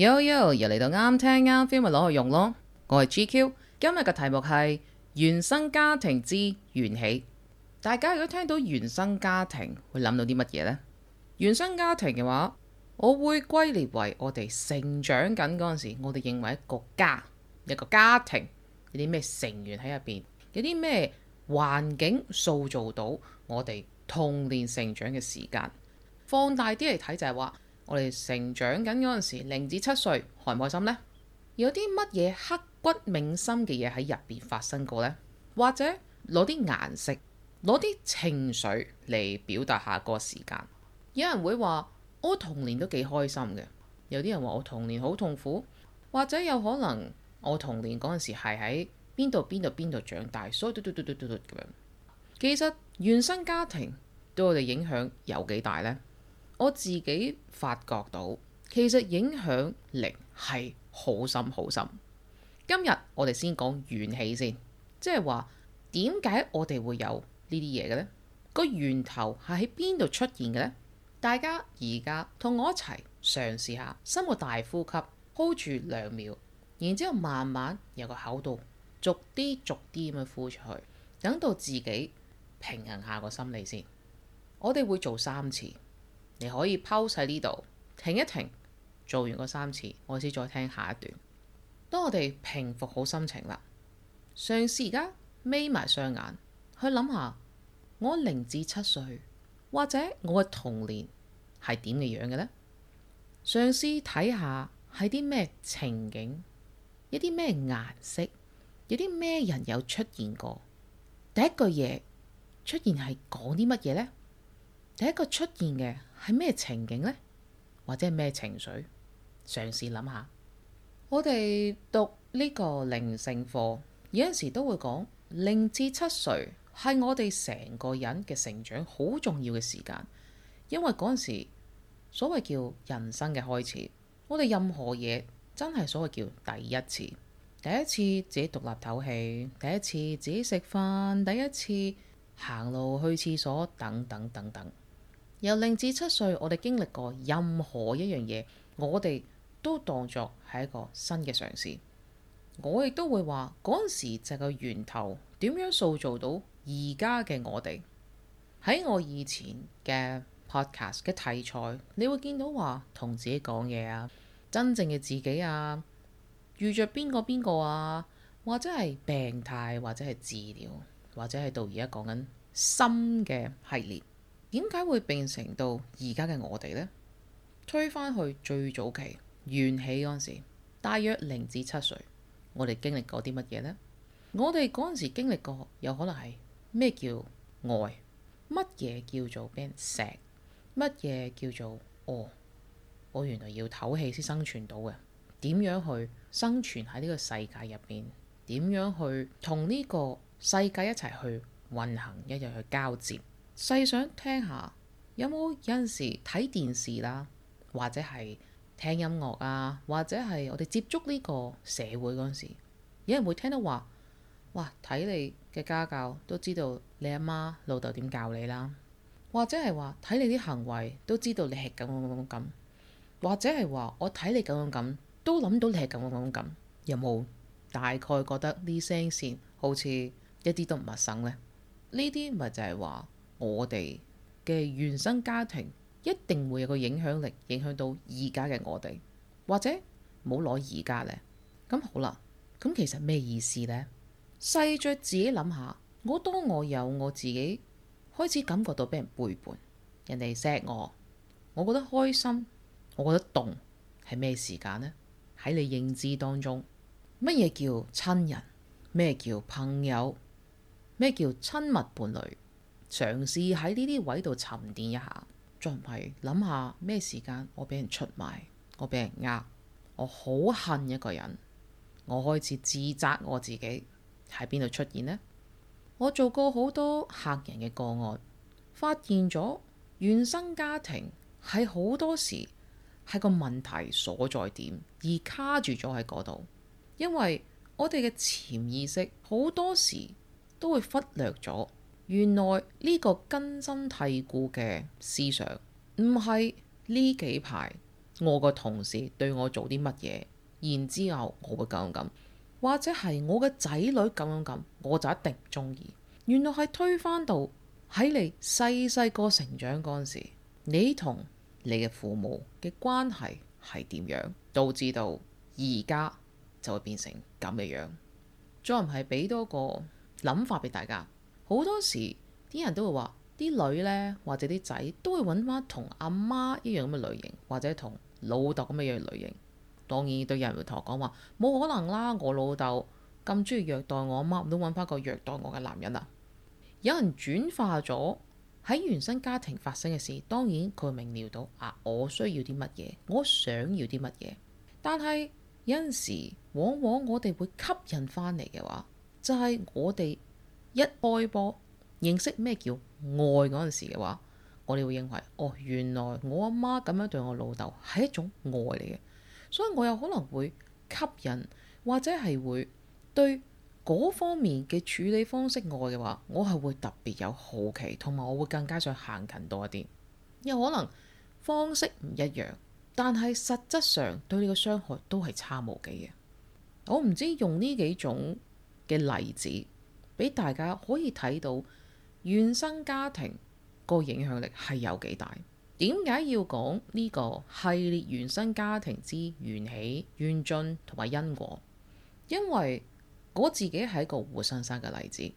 Yo yo 又嚟到啱聽啱 feel 咪攞去用咯，我係 GQ 今日嘅題目係原生家庭之緣起。大家如果聽到原生家庭會諗到啲乜嘢呢？「原生家庭嘅話，我會歸列為我哋成長緊嗰陣時，我哋認為一個家、一個家庭有啲咩成員喺入邊，有啲咩環境塑造到我哋童年成長嘅時間。放大啲嚟睇就係話。我哋成長緊嗰陣時，零至七歲開唔開心呢？有啲乜嘢刻骨銘心嘅嘢喺入邊發生過呢？或者攞啲顏色、攞啲情緒嚟表達下個時間？有人會話我童年都幾開心嘅，有啲人話我童年好痛苦，或者有可能我童年嗰陣時係喺邊度邊度邊度長大，所以嘟嘟嘟嘟嘟嘟咁樣。其實原生家庭對我哋影響有幾大呢？我自己發覺到，其實影響力係好深好深。今日我哋先講緣起先，即係話點解我哋會有呢啲嘢嘅呢？個源頭係喺邊度出現嘅呢？大家而家同我一齊嘗試下深個大呼吸，Hold 住兩秒，然之後慢慢由個口度逐啲逐啲咁樣呼出去，等到自己平衡下個心理先。我哋會做三次。你可以剖晒呢度停一停，做完嗰三次，我先再聽下一段。當我哋平復好心情啦，上司而家眯埋雙眼去諗下，我零至七歲或者我嘅童年係點嘅樣嘅呢？上司睇下係啲咩情景，有啲咩顏色，有啲咩人有出現過？第一句嘢出現係講啲乜嘢呢？第一個出現嘅。係咩情景呢？或者係咩情緒？嘗試諗下。我哋讀呢個靈性課，有陣時都會講，零至七歲係我哋成個人嘅成長好重要嘅時間，因為嗰陣時所謂叫人生嘅開始，我哋任何嘢真係所謂叫第一次，第一次自己獨立唞氣，第一次自己食飯，第一次行路去廁所，等等等等。由零至七歲，我哋經歷過任何一樣嘢，我哋都當作係一個新嘅嘗試。我亦都會話嗰陣時就係個源頭點樣塑造到而家嘅我哋。喺我以前嘅 podcast 嘅題材，你會見到話同自己講嘢啊，真正嘅自己啊，遇着邊個邊個啊，或者係病態，或者係治療，或者係到而家講緊心嘅系列。點解會變成到而家嘅我哋呢？推返去最早期，緣起嗰陣時，大約零至七歲，我哋經歷過啲乜嘢呢？我哋嗰陣時經歷過，有可能係咩叫愛？乜嘢叫做俾人錫？乜嘢叫做哦。我原來要唞氣先生存到嘅，點樣去生存喺呢個世界入邊？點樣去同呢個世界一齊去運行，一齊去交接？細想聽下，有冇有陣時睇電視啦，或者係聽音樂啊，或者係我哋接觸呢個社會嗰陣時，有人會聽到話：「哇，睇你嘅家教都知道你阿媽老豆點教你啦，或者係話睇你啲行為都知道你係咁咁咁咁，或者係話我睇你咁樣咁都諗到你係咁咁咁咁。」有冇大概覺得呢聲線好似一啲都唔陌生呢？呢啲咪就係話。我哋嘅原生家庭一定會有個影響力，影響到而家嘅我哋，或者冇攞而家呢。咁好啦，咁其實咩意思呢？細着自己諗下，我當我有我自己開始感覺到俾人背叛，人哋錫我，我覺得開心，我覺得動。係咩時間呢？喺你認知當中，乜嘢叫親人？咩叫朋友？咩叫親密伴侶？嘗試喺呢啲位度沉澱一下，再唔係諗下咩時間我俾人出賣，我俾人呃，我好恨一個人，我開始自責我自己喺邊度出現呢？我做過好多客人嘅個案，發現咗原生家庭喺好多時係個問題所在點，而卡住咗喺嗰度，因為我哋嘅潛意識好多時都會忽略咗。原來呢個根深蒂固嘅思想唔係呢幾排我個同事對我做啲乜嘢，然之後我會咁樣咁，或者係我嘅仔女咁樣咁，我就一定唔中意。原來係推返到喺你細細個成長嗰陣時，你同你嘅父母嘅關係係點樣，導致到而家就會變成咁嘅樣。再唔係俾多個諗法俾大家。好多時啲人都會話啲女呢，或者啲仔都會揾翻同阿媽一樣咁嘅類型，或者同老豆咁嘅一樣類型。當然，都有人會同我講話，冇可能啦！我老豆咁中意虐待我阿媽，唔通揾翻個虐待我嘅男人啊！有人轉化咗喺原生家庭發生嘅事，當然佢明瞭到啊，我需要啲乜嘢，我想要啲乜嘢。但係有陣時，往往我哋會吸引翻嚟嘅話，就係我哋。一開波認識咩叫愛嗰陣時嘅話，我哋會認為，哦，原來我阿媽咁樣對我老豆係一種愛嚟嘅，所以我有可能會吸引或者係會對嗰方面嘅處理方式愛嘅話，我係會特別有好奇，同埋我會更加想行近多一啲。有可能方式唔一樣，但係實質上對你嘅傷害都係差無幾嘅。我唔知用呢幾種嘅例子，俾大家可以睇到原生家庭個影響力係有幾大？點解要講呢個系列原生家庭之緣起、緣盡同埋因果？因為我自己係一個活生生嘅例子。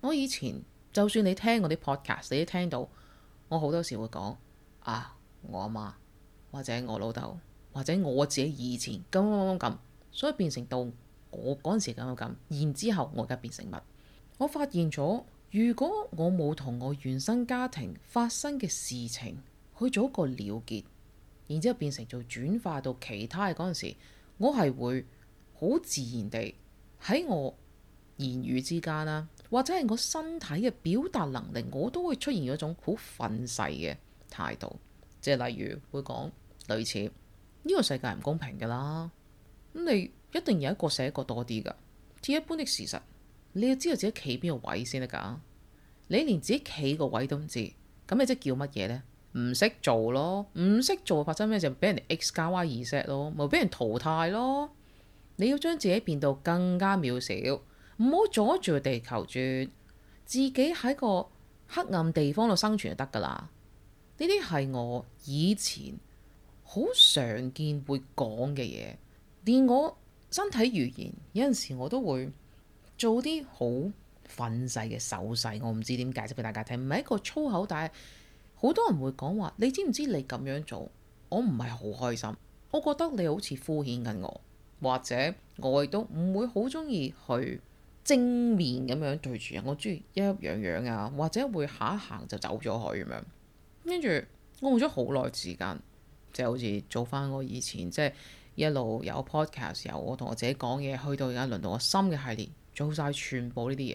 我以前就算你聽我啲 podcast，你都聽到我好多時會講啊，我阿媽或者我老豆或者我自己以前咁咁咁，所以變成到我嗰陣時咁樣咁，然之後我而家變成乜？我發現咗，如果我冇同我原生家庭發生嘅事情去做一個了結，然之後變成做轉化到其他嘅嗰陣時，我係會好自然地喺我言語之間啦，或者係我身體嘅表達能力，我都會出現一種好憤世嘅態度，即係例如會講類似呢個世界唔公平噶啦，咁你一定有一個寫一個多啲噶，似一般的事實。你要知道自己企邊個位先得噶，你連自己企個位都唔知，咁你即係叫乜嘢呢？唔識做咯，唔識做發生咩事，俾人 x 加 Y v set 咯，咪俾人淘汰咯。你要將自己變到更加渺小，唔好阻住個地球轉，自己喺個黑暗地方度生存就得噶啦。呢啲係我以前好常見會講嘅嘢，連我身體語言有陣時我都會。做啲好憤世嘅手勢，我唔知點解釋俾大家聽，唔係一個粗口，但係好多人會講話。你知唔知你咁樣做，我唔係好開心。我覺得你好似敷衍緊我，或者我亦都唔會好中意去正面咁樣對住人。我中意一樣樣啊，或者會下一行就走咗去咁樣。跟住我用咗、就是、好耐時間，即係好似做翻我以前即係、就是、一路有 podcast，由我同我自己講嘢，去到而家輪到我新嘅系列。做晒全部呢啲嘢，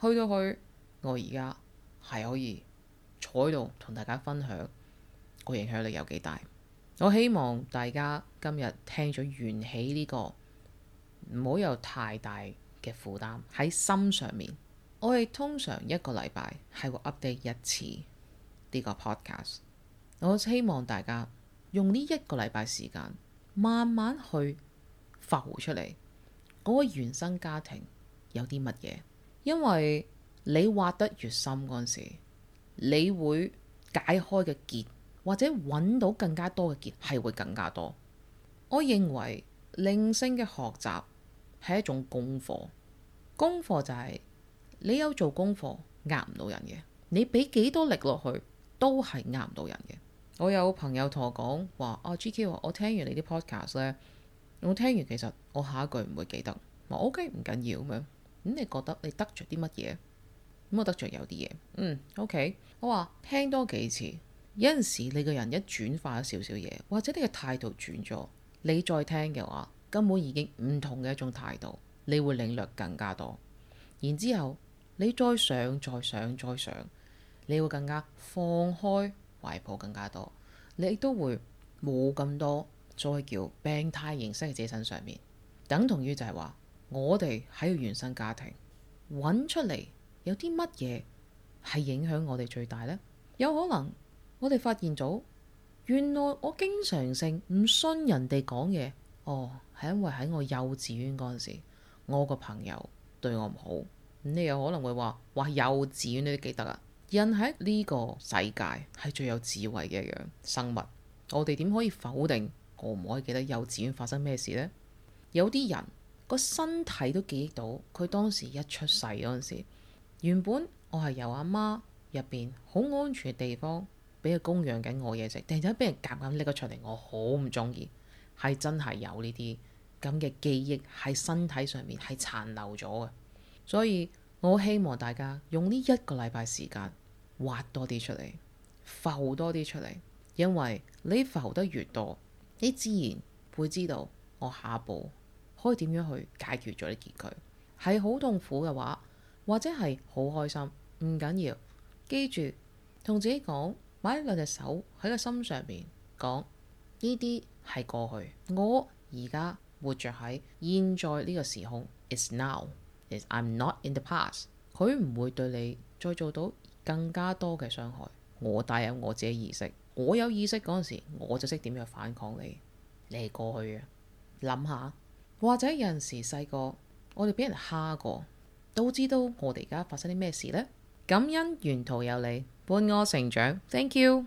去到去我而家係可以坐喺度同大家分享，個影響力有幾大。我希望大家今日聽咗緣起呢個，唔好有太大嘅負擔喺心上面。我哋通常一個禮拜係會 update 一次呢個 podcast。我希望大家用呢一個禮拜時間，慢慢去浮出嚟，我個原生家庭。有啲乜嘢？因為你挖得越深嗰陣時，你會解開嘅結或者揾到更加多嘅結，係會更加多。我認為靈性嘅學習係一種功課，功課就係，你有做功課，壓唔到人嘅。你俾幾多力落去都係壓唔到人嘅。我有朋友同我講話啊，GQ，我聽完你啲 podcast 呢，我聽完其實我下一句唔會記得，我 OK 唔緊要咁樣。咁、嗯、你覺得你得着啲乜嘢？咁、嗯、我得着有啲嘢。嗯，OK。我話聽多幾次，有陣時你個人一轉化咗少少嘢，或者你嘅態度轉咗，你再聽嘅話，根本已經唔同嘅一種態度，你會領略更加多。然之後你再想、再想、再想，你會更加放開懷抱，更加多。你亦都會冇咁多，再叫病態形式喺自己身上面，等同於就係話。我哋喺個原生家庭搵出嚟，有啲乜嘢係影響我哋最大呢？有可能我哋發現咗，原來我經常性唔信人哋講嘢。哦，係因為喺我幼稚園嗰陣時，我個朋友對我唔好。你有可能會話，話幼稚園你都記得啊？人喺呢個世界係最有智慧嘅一樣生物，我哋點可以否定我唔可以記得幼稚園發生咩事呢？有啲人。個身體都記憶到，佢當時一出世嗰陣時，原本我係由阿媽入邊好安全嘅地方俾佢供養緊我嘢食，突然間俾人夾硬拎咗出嚟，我好唔中意，係真係有呢啲咁嘅記憶喺身體上面係殘留咗嘅，所以我希望大家用呢一個禮拜時間挖多啲出嚟，浮多啲出嚟，因為你浮得越多，你自然會知道我下一步，可以點樣去解決咗呢件，佢係好痛苦嘅話，或者係好開心，唔緊要。記住同自己講，擺兩隻手喺個心上面講，呢啲係過去。我而家活着喺現在呢個時空，It's now, it's I'm not in the past。佢唔會對你再做到更加多嘅傷害。我帶有我自己意識，我有意識嗰陣時，我就識點樣反抗你。你係過去嘅，諗下。或者有陣時細個，我哋俾人蝦過，都知道我哋而家發生啲咩事呢？感恩沿途有你，伴我成長，Thank you。